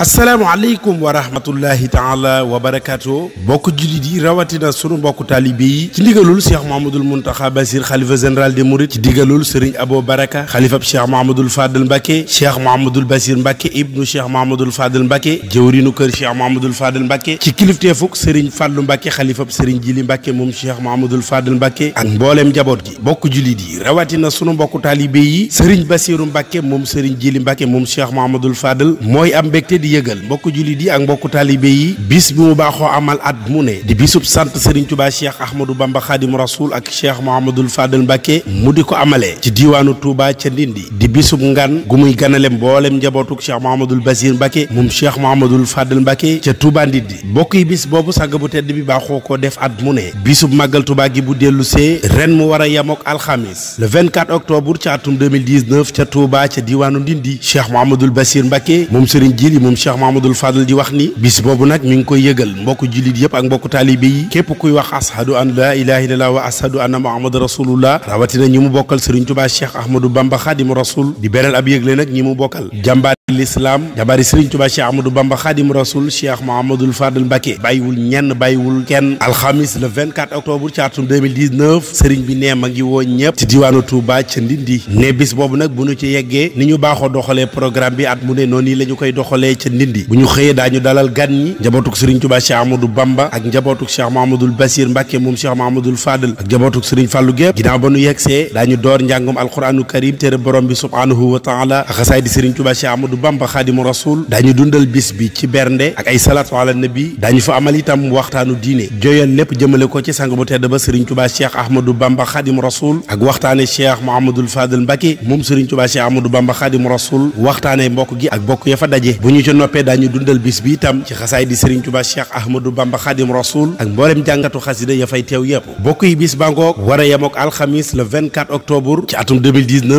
asalaamaaleykum wa rahmatullahi taala wa barakaatu bokk jullit yi rawatina sunu mbokk taalibe yi ci ndigalul cheikh mahamadul muntaxa basir xalifa général des mourides ci ndigalul sëriñ abo baraka xalifab cheikh mahamadul fadal mbàkke cheikh mahamadul basir mbàkke ibnu cheikh mahamadul fadal mbàkke jëwrinu kër cheikh mahamadul fadal mbàkke ci kilifteefuk sëriñ fàllu mbàkke xalifab sëriñ jili mbàkke moom cheikh mahamadul fadal mbàkke ak mbooleem njaboot gi bokk jullit yi rawatina sunu mbokk taalibe yi sëriñ basiru mbàkke moom sëriñ jili mbàkke moom cheikh mahamadul fadal mooy am mbégte di yëgal mbokku jullit yi ak mbokku taalibe yi bis bi mu baaxoo amal at mu ne di bisub sant Serigne Touba Cheikh Ahmadou Bamba Khadim Rasoul ak Cheikh Mouhamadoul Fadel Mbacké mu di ko amalee ci diiwaanu Touba ca Ndindi di bisub ngan gu muy ganale mboolem njabootuk Cheikh Mouhamadoul Basir Mbacké moom Cheikh Mouhamadoul Fadel Mbacké ca Touba Ndindi mbokk yi bis boobu sàgg bu tedd bi baaxoo def at mu ne bisub màggal Touba gi bu dellu see ren mu war a yamook alxamis le 24 octobre ca atum 2019 ca Touba ca diiwaanu Ndindi Cheikh Mouhamadoul Basir Mbacké moom Serigne Jili moom Cheikh Mahamadoul Fadal di wax ni bis boobu nag mi ngi koy yëgal mbokku jullit yëpp ak mbokku taalibe yi képp kuy wax ashadu an laa ilaha illallah wa ashadu anna muhammad rasulullah rawatina ñi mu bokkal Sëriñ Tuubaa Cheikh Ahmadou Bamba Xaadimu Rasul di beral ab yëgle nag ñi mu bokkal jàmbaar lislaam jabaari sëriñ tuba cheikh ahmadou bamba xaadim rasul cheikh mahamadul fadal mbake bàyyiwul ñenn bàyyiwul kenn alxamis le 24 octobre ci atum 2019 sëriñ bi nee ma ngi woo ñëpp ci diwaanu touba ca ndindi ne boobu nag bu ñu ci yeggee ñu baaxoo doxalee programme bi at mu ne noonu koy doxalee ca ca Ndindi bu ñu xëyee daañu dalal gan ñi njabootuk sëriñ Tuubaa Cheikh Amadou Bamba ak njabootuk Cheikh Mahamadoul Basir Mbàkke moom Cheikh Mahamadoul Fadal ak njabootuk sëriñ Fàllu Gépp ginnaaw ba nu yeggsee daañu door njàngum alquraanu karim téere borom bi subhaanahu wa taala ak xasaay di sëriñ Tuubaa Cheikh Amadou Bamba xaadimu rasul daañu dundal bis bi ci bernde ak ay salaatu ala nabi daañu fa amal itam waxtaanu diine joyal lépp jëmale ko ci sang bu tedd ba sëriñ Tuubaa Cheikh Ahmadou Bamba xaadimu rasul ak waxtaane Cheikh Mahamadoul Fadal Mbàkke moom sëriñ Tuubaa Cheikh Amadou Bamba xaadimu rasul waxtaane mbokk gi ak bokk ya fa daje bu ñu noppee daañu dundal bis bi itam ci xasaay di Serigne Touba Cheikh Ahmadou Bamba Khadim Rasoul ak mboolem jàngatu xasida ya fay teew yépp bokk yi bis bangoog war a yemook alxamis le 24 octobre ci atum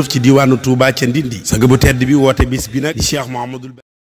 ci diiwaanu Touba ca Ndindi sëgg bu tedd bi woote bis bi nag di Cheikh Mouhamadoul